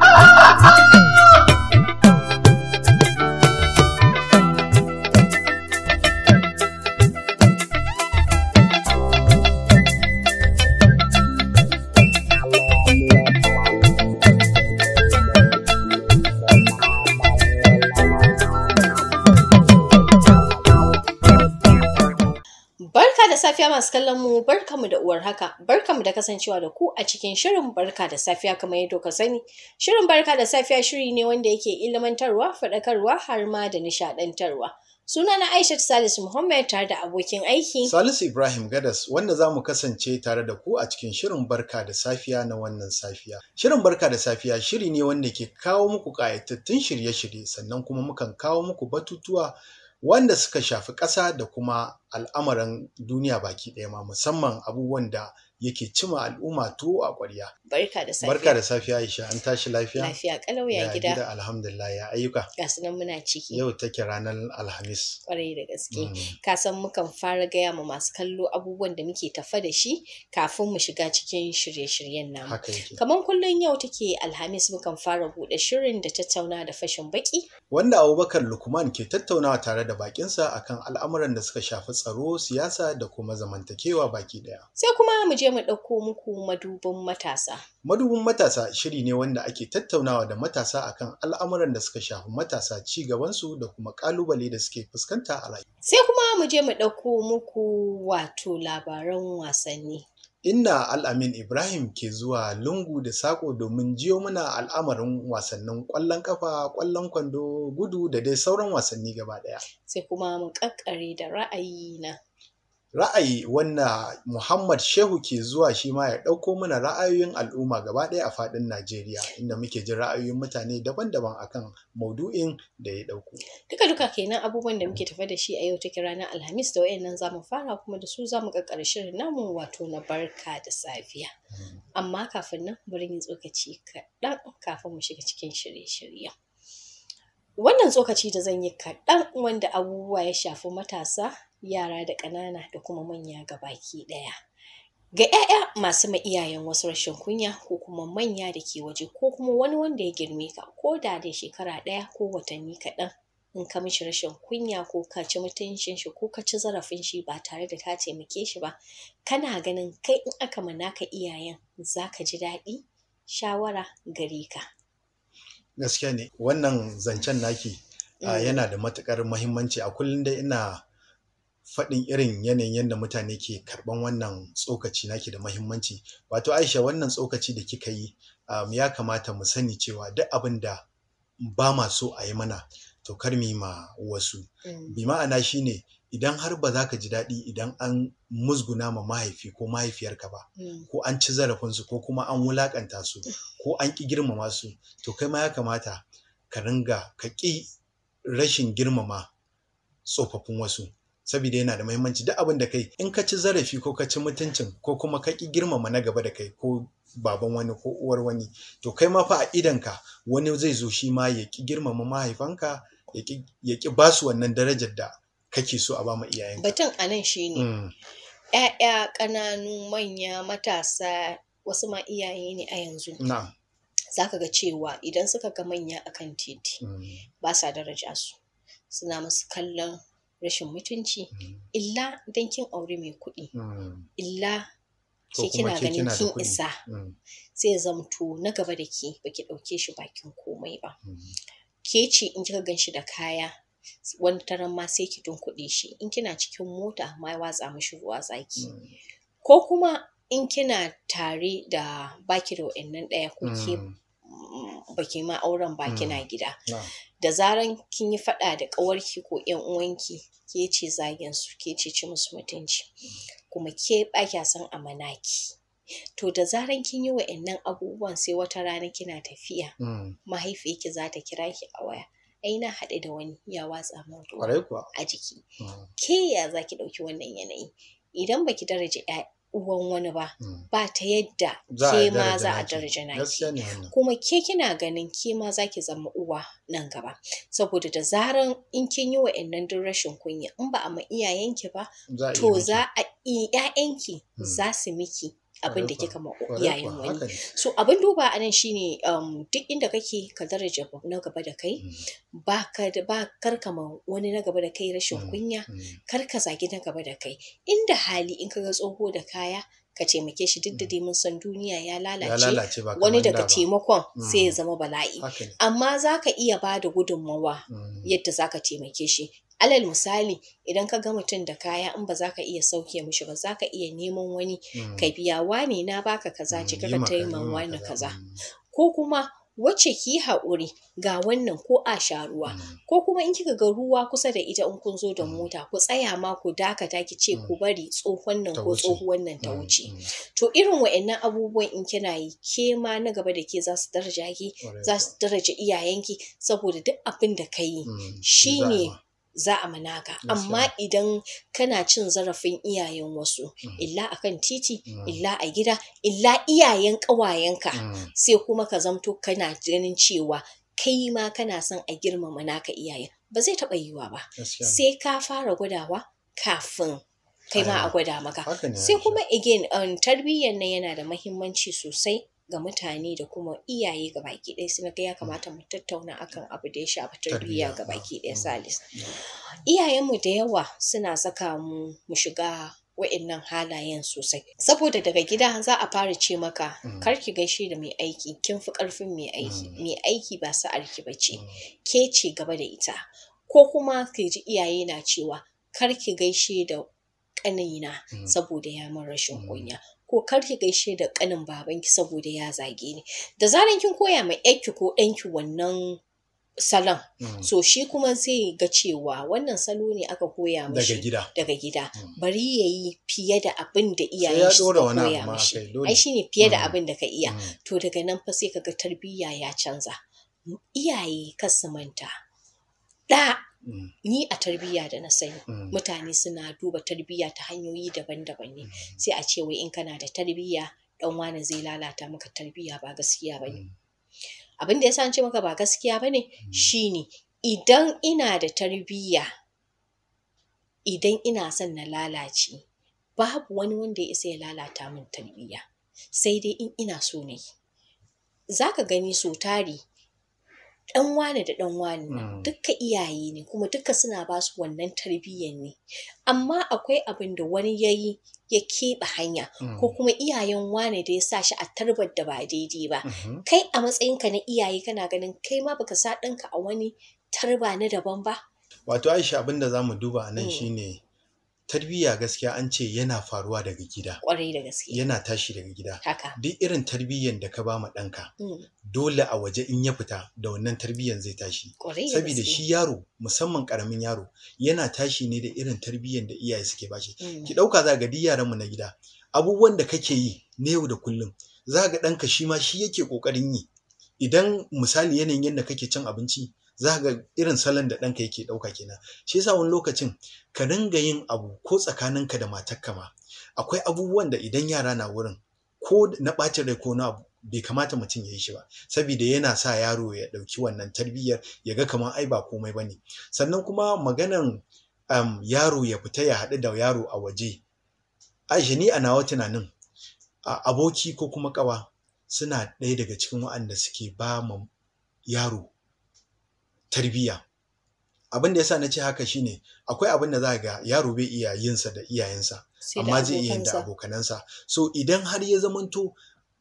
啊啊啊！Assalamu mu barkamu da uwar haka barkamu da kasancewa da ku a cikin shirin barka da safiya kamar yadda ka sani shirin barka da safiya shiri ne wanda yake ilimantarwa, faɗakarwa har ma da nishaɗantarwa suna na aisha salisu muhammad tare da abokin aiki salisu ibrahim gadas wanda za mu kasance tare da ku a cikin shirin barka da safiya na wannan safiya shirin barka da safiya shiri ne wanda ke kawo muku ƙayatattun shirye-shirye sannan kuma mukan kawo muku batutuwa wanda suka shafi ƙasa da kuma al'amuran duniya baki ɗaya ma musamman abubuwan da yake cima al'umma tuwo a ƙwarya. Barka da safiya. Barka da safiya Aisha an tashi lafiya. Lafiya kalau ya gida. gida alhamdulillah ya ayyuka. Ga nan muna ciki. Yau take ranar Alhamis. Ƙwarai da gaske. Mm. Ka san mukan fara gaya ma masu kallo abubuwan da muke tafa da shi kafin mu shiga cikin shirye-shiryen namu. Haka yake. Kamar kullum yau take Alhamis mukan fara buɗe shirin da tattauna da fashin baki. Wanda Abubakar Lukman ke tattaunawa tare da bakinsa akan al'amuran da suka shafi tsaro, siyasa da kuma zamantakewa baki ɗaya. Sai kuma mu je je mu ɗauko muku madubin matasa. Madubin matasa shiri ne wanda ake tattaunawa da matasa akan al'amuran da suka shafi matasa ci gabansu da kuma ƙalubale da suke fuskanta a rayuwa. Sai kuma mu je mu ɗauko muku wato labaran wasanni. Inna Al'amin Ibrahim ke zuwa lungu da sako domin jiyo muna al'amarin wasannin ƙwallon ƙafa, ƙwallon kwando, gudu da dai sauran wasanni gaba ɗaya. Sai kuma mu ƙaƙƙare da ra'ayi na. ra'ayi wanda Muhammad Shehu ke zuwa shi ma ya ɗauko mana ra'ayoyin al'umma gaba ɗaya a faɗin Najeriya inda muke jin ra'ayoyin mutane daban-daban akan maudu'in da ya ɗauko. Duka duka kenan abubuwan da muke tafa da shi a yau take ranar Alhamis da wayannan za mu fara kuma da su za mu ga shirin namu wato na barka da safiya. Hmm. Amma kafin nan bari yin tsokaci kaɗan kafin mu shiga cikin shirye-shiryen. Wannan tsokaci da zan yi kaɗan wanda abubuwa ya shafi matasa, yara da ƙanana da kuma manya ga baki ɗaya. Ga 'ya'ya masu ma iyayen wasu rashin kunya ko kuma manya da ke waje ko kuma wani wanda ya girme ka ko da da shekara ɗaya ko watanni kaɗan in ka mishi rashin kunya ko ka ci mutuncin shi ko ka ci zarafin shi ba tare da ka taimake shi ba kana ganin kai in aka ma naka iyayen za ka ji daɗi shawara gare ka gaskiya ne wannan zancen naki ah, eh. yana da matukar muhimmanci a kullum da ina faɗin irin yanayin yadda mutane ke karɓan wannan tsokaci naki da muhimmanci. wato aisha wannan tsokaci da kika yi um, ya kamata mu sani cewa duk abin da ba ma so a yi mana to kar mu yi ma wasu eh. bi ma'ana shine idan har ba za ka ji daɗi idan an musguna ma mahaifi ko mahaifiyarka ba mm. ko an ci zarafinsu ko kuma an wulaƙanta su ko an ƙi girmama su to kai ma ya kamata ka ringa ka ƙi rashin girmama tsofaffin wasu saboda yana da mahimmanci duk abin da kai in ka ci zarafi ko ka ci mutuncin ko kuma ka ƙi girmama na gaba da kai ko baban wani ko uwar wani to kai ma fa a idanka wani zai zo shi ma ya ƙi girmama mahaifanka ya ƙi ba su wannan darajar da kake so a ba ma iyayenka batun anan ne. Mm. ƴaƴa ƙananu manya matasa wasu ma iyaye ne a yanzu za ka ga cewa idan suka ga manya a kan titi mm. ba sa daraja su suna masu kallon rashin mutunci mm. illa don kin aure mai kuɗi illa ke kina ganin kin isa sai zamto na gaba da ke baki ɗauke shi bakin komai ba ke ce in kika gan shi da kaya wani taran ma sai ki tunkuɗe shi in kina cikin mota ma watsa mishi ruwa zaki mm. ko kuma in kina tare da baki da wa'annan ɗaya ko ke mm. baki ma auren ba kina mm. gida da zaran kin yi faɗa da ƙawarki ko ƴan uwanki ke ce zagin su ke ce ci musu mutunci kuma ke ba kya san amanaki to da zaran kin yi wa'annan abubuwan sai wata rana kina tafiya mahaifiyarki za ta kira ki a waya ai na haɗe da wani ya watsa mutu a jiki mm. ke ya za ki ɗauki wannan yanayi idan baki daraja uwan wani ba mm. ba ta yadda ke ma za a daraja kuma ke kina ganin ke ma za ki zama uwa nan gaba saboda da zaran in kin yi wa'annan duk rashin kunya in ba a ma iyayenki ba to za a ki, mm. za su miki abin da kika ma yayin wani so abin duba a nan shine um, duk inda kake ka daraja na gaba da kai mm. ba karka ma wani na gaba da kai rashin mm, kunya mm. kar ka zagi na gaba da kai inda hali in ka ga tsoho da kaya ka taimake shi duk da dai mun san duniya ya lalace wani daga taimakon sai ya zama bala'i amma za ka iya ba da gudunmawa yadda za ka taimake shi alal misali idan ka ga mutum da kaya in ba za ka iya sauke mishi ba za ka iya neman wani hmm. ka biya wani na baka kaza cika hmm, ka taimawa wani kaza hmm. ko kuma wacce ki haƙuri ga wannan ko a sha ruwa ko kuma in kika ga ruwa kusa da ita in kun zo da mota ku tsaya ma ku dakata ki ce ku bari tsohon nan ko tsohuwan nan ta wuce to irin wa'annan abubuwan in kina yi ke ma na gaba da ke za su daraja ki za su daraja iyayenki saboda duk abin da ka yi shine za a manaka amma idan kana cin zarafin iyayen wasu mm. illa a kan titi mm. illa a gida illa iyayen ƙawayenka mm. sai kuma ka zamto kana ganin cewa kai ma kana son a girmama naka iyayen ba zai taɓa yiwa ba sai ka fara gwadawa kafin kai ma a gwada maka sai kuma again um, tarbiyyar nan yana da mahimmanci sosai ga mutane da kuma iyaye ga baki ɗaya suna ga ya hmm. kamata mu tattauna akan abu da ya shafi tarbiyya ga baki ɗaya hmm. salis hmm. iyayenmu da yawa suna saka mu mu shiga wa'annan halayen sosai saboda daga gida za a fara ce maka kar ki gaishe da mai aiki kin fi karfin mai aiki mai aiki ba sa'arki ba ce ke ce gaba da ita ko kuma ka ji iyaye na cewa kar ki gaishe da ƙanina saboda ya min rashin kunya ko kar ki gaishe da kanin babanki saboda ya zage ni da zaran kin koya ma yarki ko ɗanki wannan salon mm. so shi kuma zai ga cewa wannan salo ne aka koya mashi daga gida mm. bari ya yi fiye da abin da iyaye shi suka koya mashi ai shi ne fiye da mm. abin da ka iya to daga nan fa sai kaga tarbiyya ya canza iyaye kasu manta da ni a tarbiyya da na sani mm. mutane suna duba tarbiyya ta hanyoyi daban-daban ne mm. sai a ce wai in kana da tarbiyya dan wani zai lalata maka tarbiyya ba gaskiya ba ne mm. abin da ya sace maka ba gaskiya ba ne shine idan ina da tarbiyya idan ina son na lalace babu wani wanda ya isa ya lalata min tarbiyya sai dai in ina so ne za ka gani so tari ɗan wane da ɗan wane mm. dukka iyaye ne kuma dukka suna ba su wannan tarbiyyar ne amma akwai abin da wani ya yi ya keɓe hanya ko mm. kuma iyayen wane da ya sa shi a tarbar da ba daidai ba mm-hmm. kai a matsayinka na iyaye kana ganin kai ma baka sa ɗanka a wani tarba na daban ba wato aisha abin da za mu duba a nan mm. shine tarbiyya gaskiya an ce yana faruwa daga gida yana tashi daga gida duk irin tarbiyyan da ka ba ma ɗanka mm. dole a waje in ya fita da wannan tarbiyyan zai tashi saboda shi yaro musamman ƙaramin yaro yana tashi ne da irin tarbiyyan da iyaye suke bashi mm. ki ɗauka za ga duk yaranmu na gida abubuwan da kake yi na yau da kullum za ga ɗanka shi ma shi yake ƙoƙarin yi idan misali yanayin yadda kake cin abinci za ga irin salon da ɗanka yake ɗauka kenan shi yasa wani lokacin ka dinga yin abu ko tsakaninka da matarka ma akwai abubuwan da idan yara na wurin ko na ɓacin rai ko na abu bai kamata mutum ya yi shi ba saboda yana sa yaro ya ɗauki wannan tarbiyyar ya ga kamar ai ba komai ba ne sannan kuma maganan um, yaro ya fita ya haɗu da yaro a waje aisha ni a nawa tunanin aboki ko kuma ƙawa suna ɗaya daga cikin waɗanda suke ba ma yaro tarbiyya abin da yasa na ce haka shine akwai abin da za ga yaro bai iya yinsa da iyayensa amma zai iya yin da abokanansa so idan har ya zamanto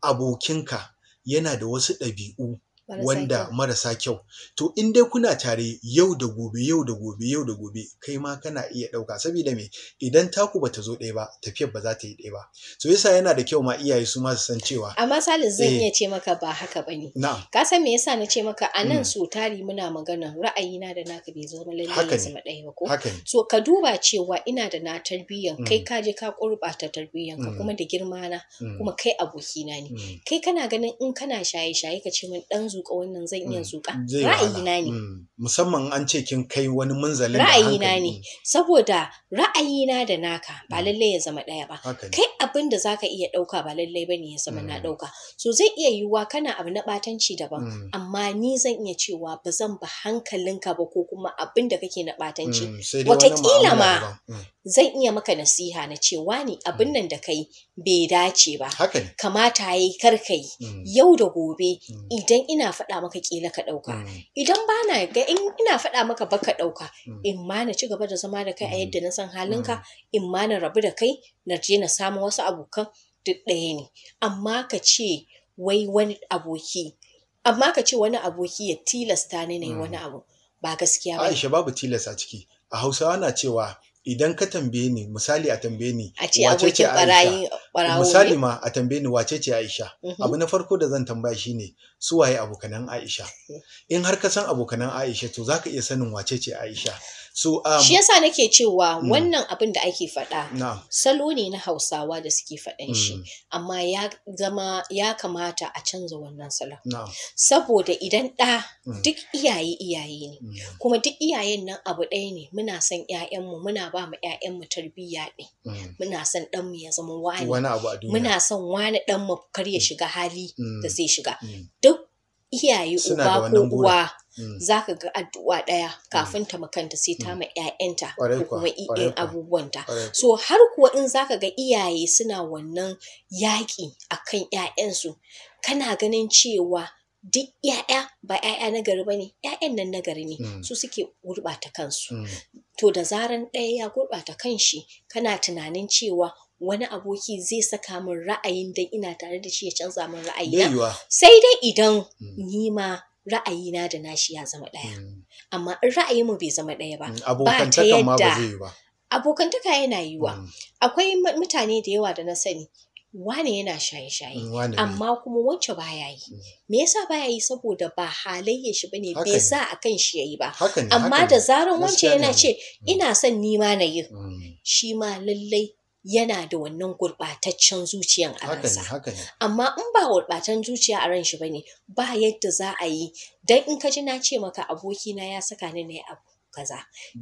abokinka yana da wasu ɗabi'u wanda marasa kyau to in dai kuna tare yau da gobe yau da gobe yau da gobe kai ma kana iya ɗauka saboda me idan taku bata zo ɗaya ba tafiyar ba za ta yi ɗaya ba to yasa yana da kyau ma iyaye su ma su san cewa amma salis zan eh. iya ce maka ba haka ba ne. ka san me yasa na ce maka a nan mm. so tari muna magana ra'ayina da naka bai zama lallai ya zama ɗaya ba ko so ka duba cewa ina da na tarbiyyan kai mm. ka je ka ƙurɓata tarbiyyan ka mm. kuma da girma na kuma kai abokina ne kai kana ganin in kana shaye shaye ka ce min ɗan zu zuƙa wannan zan iya mm, zuƙa ra'ayina ne mm, musamman an ce kin kai wani munzalin da hankali ra'ayina ne saboda ra'ayina da naka ba mm. lallai ya zama ɗaya ba kai abin da zaka iya ɗauka ba lallai bane ya zama na ɗauka so zai iya yiwuwa kana abu na ɓatanci daban amma ni zan iya cewa ba zan ba hankalinka ba ko kuma abin da kake na ɓatanci wataƙila ma zan iya maka nasiha na cewa ne abin nan da kai bai dace ba kamata yayi kar kai yau da gobe idan ina faɗa maka kila ka ɗauka mm. idan ba na ga in ina faɗa maka ba ka ɗauka mm. in ma na ci gaba da zama da kai a yadda mm. na san halinka in ma na rabu da kai na je na samu wasu abokan duk ɗaya ne amma ka ce wai wani aboki amma ka ce wani aboki ya tilasta ni na yi wani abu ba gaskiya ba Aisha babu tilasta ciki a Hausawa na cewa idan ka tambaye ni misali a tambaye ni wace ce Aisha misali ma a tambaye ni wace ce Aisha mm-hmm. abu na farko da zan tambaya shine su waye abokanan Aisha in har ka san abokanan Aisha to zaka iya sanin wace ce Aisha So, um, shi yasa nake cewa mm. wannan abin da ake faɗa salo ne na hausawa da suke faɗan shi mm. amma ya zama ya kamata a canza wannan salon saboda idan ɗa mm. duk iyaye iyaye ne kuma duk iyayen nan abu ɗaya ne muna son ƴaƴanmu muna ba mu ƴaƴanmu tarbiyya ne muna son ɗanmu ya zama wani muna son wani ɗanmu kar ya shiga hali da zai shiga duk iyaye uba ko uwa Mm. za ka ga addu'a ɗaya mm. kafin ta makanta sai ta mm. ma 'ya'yanta ko kuma iyayen abubuwanta so har kuwa in za ka ga iyaye suna wannan yaƙi a kan 'ya'yansu kana ganin cewa duk ‘ya'ya ba ‘ya'ya na gari ba ne ‘ya'yan nan na gari ne su suke gurɓata kansu to da zaran ɗaya ya gurɓata kanshi kana tunanin cewa wani aboki zai saka min ra'ayin dan ina tare da shi ya canza min ra'ayi sai dai idan ni ma ra'ayina da nashi ya zama ɗaya. Mm. Amma in mu bai zama ɗaya ba. Mm, Abokantaka ma ba zai yi ba. Abokantaka yana yiwa. Mm. Akwai mutane da yawa da na sani wane yana shaye-shaye amma kuma wacce baya yi me yasa baya yi saboda ba halayya shi bane bai sa a kan shi yayi ba amma da zaran wance yana ce ina son nima na yi shi ma lallai yana da wannan gurɓataccen zuciyan a ransa. Amma in ba gurɓatan zuciya a ran shi ne ba yadda za a yi dan in ka ji na ce maka abokina ya saka ni na abu kaza.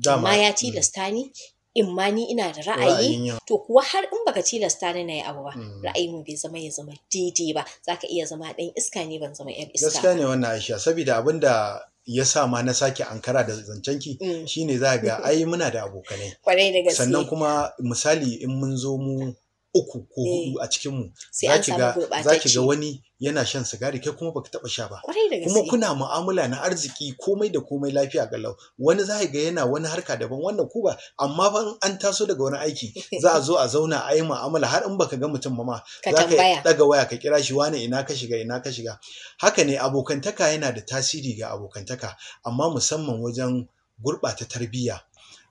Amma ya mm. tilasta ni in ma ni ina da ra'ayi to kuwa har in baka tilasta ni na yi abu ba mm. ra'ayin bai zama ya zama daidai ba Za ka iya zama ɗan iska ne ban zama 'yar iska. Gaskiya ne wannan Aisha saboda da. ya sa ma na sake ankara da zancen zancenki mm. shine za ga ai muna da abokanai sannan kuma misali in mun zo mu uku ko mm. hudu a cikinmu za ki ga wani yana shan sigari kai kuma baka taba sha ba kuma kuna mu'amala na arziki komai da komai lafiya galau wani za ga yana wani harka daban wannan ku ba amma ban an taso daga wani aiki za a zo a zauna a yi mu'amala har in baka ga mutum ba ma za ka daga waya ka kira shi wani ina ka shiga ina ka shiga haka ne abokantaka yana da tasiri ga abokantaka amma musamman wajen gurɓata tarbiyya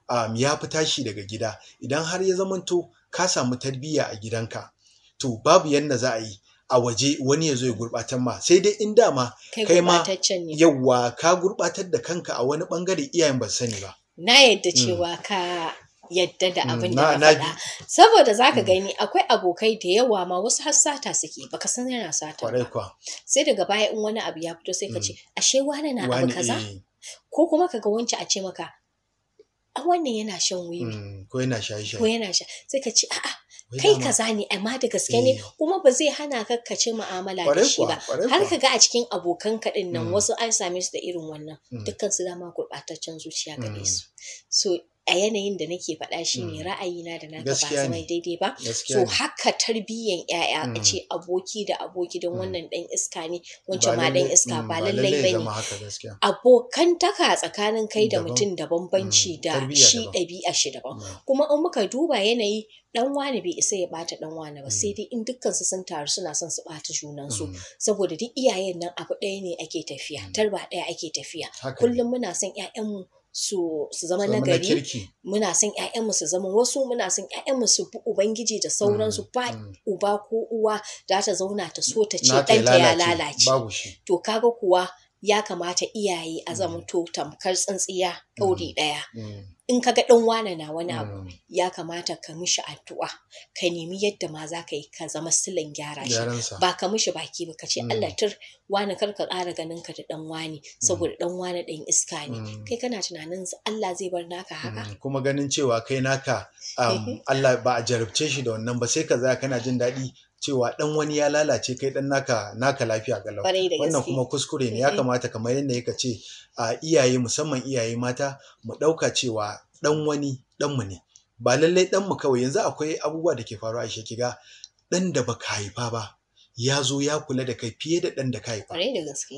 um, ya fi tashi daga gida idan har ya zamanto ka samu tarbiyya a gidanka to babu yanda za a yi a waje wani ya zo ya gurɓatar ma sai dai in dama kai ma yawwa ka gurɓatar da kanka a wani bangare iyayen ba sani ba na yadda mm. cewa ka yadda da mm, abin da ka faɗa saboda zaka gani akwai abokai da yawa ma wasu har sata suke baka san yana sata sai daga baya in wani abu ya fito sai ka mm. ce ashe wani na abu kaza eh. ko kuma ka ga wancan a ce maka a wannan yana shan wiwi ko yana shaye shaye ko yana sha sai ka ce a'a kai kaza ni amma da gaske ne eh. kuma ba zai hana ka ka mu'amala da shi ba har ka ga a cikin abokan ka nan mm. wasu an same su da irin wannan mm. dukkan su dama gurɓataccen zuciya gare mm. su so a yanayin da nake faɗa shi ne hmm. ra'ayina da naka ba mai daidai ba so haka tarbiyyan yaya hmm. a ce aboki da aboki don hmm. wannan dan iska ne wancan ma dan iska ba lallai ba ne abokan taka tsakanin kai da mutum da bambanci da shi ɗabi'a shi daban kuma in muka duba yanayi dan wani bai isa ya bata dan wani ba sai dai in dukkan su sun taru suna son su bata junan su saboda duk iyayen nan abu ɗaya ne ake tafiya tarba ɗaya ake tafiya kullum muna son ƴaƴanmu su su zama gari muna son mu su zama wasu muna son mu su bi ubangiji da sauransu mm, ba mm. uba ko uwa da ta zauna ta so ta ce ɗanta ya lalace to kaga kuwa ya kamata iyaye a mm. to tamkar tsintsiya ɗauri ɗaya in ka ga ɗan wane na wani abu mm. ya kamata ka mishi addu'a ka nemi yadda ma za ka yi ka zama silan gyara shi ba ka mishi baki ba ka ce mm. Allah tur wane kar ka ƙara ganin ka da ɗan wani mm. saboda ɗan ɗin ɗan iska ne kai kana tunanin Allah zai bar naka haka kuma ganin cewa kai naka um, Allah ba a jarabce shi da wannan ba sai ka za kana jin daɗi cewa dan wani ya lalace kai dan naka naka lafiya galau wannan kuma kuskure ne ya eh. kamata kamar yadda yake ce a iyaye musamman iyaye mata mu dauka cewa dan wani dan mu ne ba lallai dan mu kawai yanzu akwai abubuwa da ke faruwa a kiga dan da baka haifa ba ya zo ya kula da kai fiye da dan da ka haifa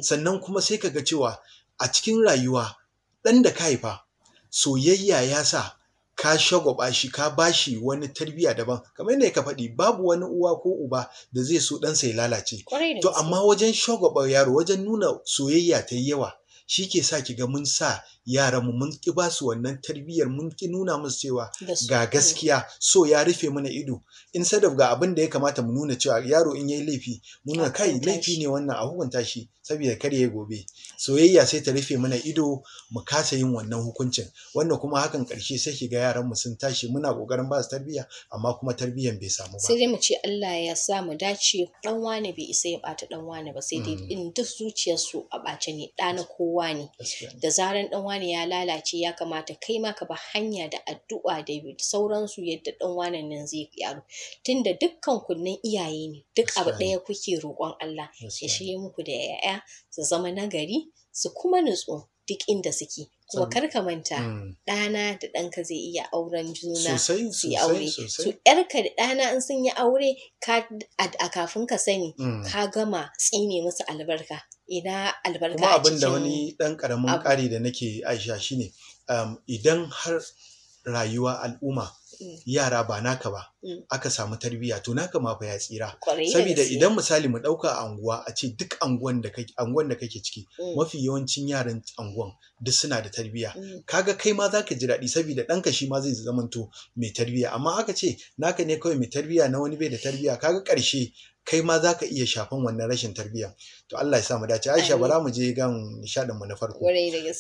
sannan kuma sai ka ga cewa a cikin rayuwa dan da ka haifa soyayya ya sa ka shagwaba shi ka bashi wani tarbiya daban kamar yadda ka faɗi babu wani uwa ko uba da zai so ɗansa ya lalace to amma wajen shagwaba yaro wajen nuna soyayya ta yawa shi ke sa ki ga mun sa yaran mu mun ki ba su wannan tarbiyyar mun ki nuna musu cewa ga gaskiya so ya rufe mana ido in sadaf ga abin da ya kamata mu nuna cewa yaro in yayi laifi muna kai laifi ne wannan a hukunta shi saboda kar ya gobe soyayya sai ta rufe mana ido mu kasa yin wannan hukuncin wannan kuma hakan karshe sai ki ga yaran mu sun tashi muna kokarin ba su tarbiyya amma kuma tarbiyyar bai samu ba sai dai mu ce Allah ya sa mu dace dan wane bai isa ya bata dan wane ba sai dai mm. in duk zuciyarsu a bace ne ɗa na kowa ne da zaran dan wane ya lalace ya kamata kai ma ka ba hanya da addu'a da sauransu yadda dan wane nan zai yaro tunda dukkan kunnen iyaye ne duk abu ɗaya kuke roƙon Allah ya shirye muku da 'ya'ya su zama nagari su kuma nutsu duk inda suke kuma kar ka manta mm. ɗana da ɗanka zai iya auren juna su yi aure su ƴarka da ɗana in sun yi aure a kafin ka sani mm. ka gama tsine musu albarka ina albarka kuma abin da wani dan karamin kare da nake aisha shine um, idan har rayuwa al'umma mm. yara ba naka ba mm. aka samu tarbiyya to naka ma fa ya tsira saboda idan misali mu dauka anguwa a ce duk anguwan da kake anguwan da kake ciki mm. mafi yawancin yaran anguwan duk suna da tarbiyya kaga kai ma zaka ji daɗi saboda ɗanka shi ma zai zamanto mai tarbiyya amma aka ce naka ne kawai mai tarbiya na wani bai da tarbiyya kaga karshe kai ma zaka iya shafan wannan rashin tarbiyya to Allah ya sa dace Aisha bara mu je gan nishadin mu na farko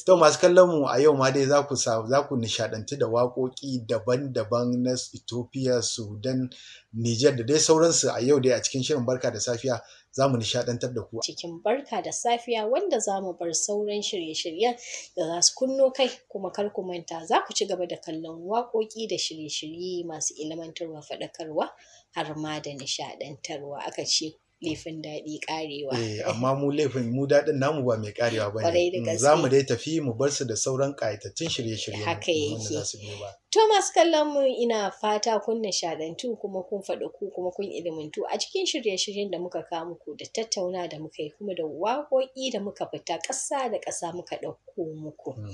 to masu kallon mu a yau ma dai za ku za ku da waƙoƙi daban-daban na Ethiopia Sudan Niger da dai sauransu a yau dai a cikin shirin barka da safiya za mu nishadantar da ku cikin barka da safiya wanda za mu bar sauran shirye-shiryen da za su kunno kai kuma kar ku manta za ku ci gaba da kallon waƙoƙi da shirye-shirye masu ilimantarwa faɗakarwa har ma da nishadantarwa aka ce laifin daɗi karewa. Eh, amma mu laifin mu daɗin namu ba mai karewa ba ne. Za mu dai tafi mu bar su da sauran ƙayatattun shirye-shirye. Haka yake. Thomas kallon mu ina fata kun nishaɗantu kuma kun faɗa ku kuma kun ilimantu a cikin shirye-shiryen da muka kawo muku da tattauna da muka yi kuma da waƙoƙi da muka fita ƙasa da ƙasa muka ɗauko muku. Mm.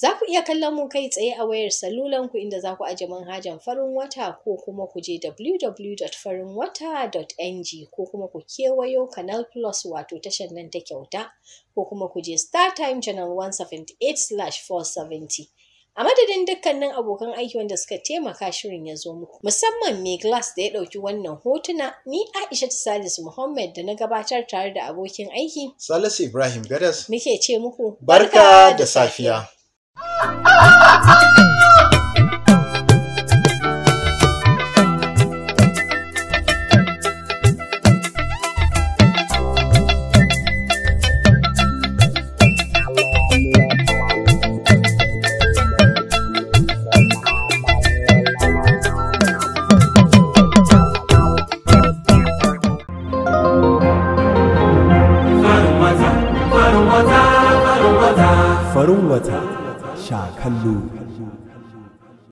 Za ku iya kallon mu kai tsaye a wayar salulanku inda za ku aje manhajan farin wata ko kuma ku je www.farinwata.ng ko kuma ku kewayo Canal Plus wato tashar nan ta kyauta ko kuma ku je Star Time Channel 178/470. A madadin dukkanin abokan aiki wanda suka taimaka shirin ya zo muku, musamman mai glass da ya ɗauki wannan hotuna, ni Aisha Salisu Muhammad da na gabatar tare da abokin aiki. Salisu Ibrahim Gadas. Muke ce muku. Barka da safiya. 啊啊啊！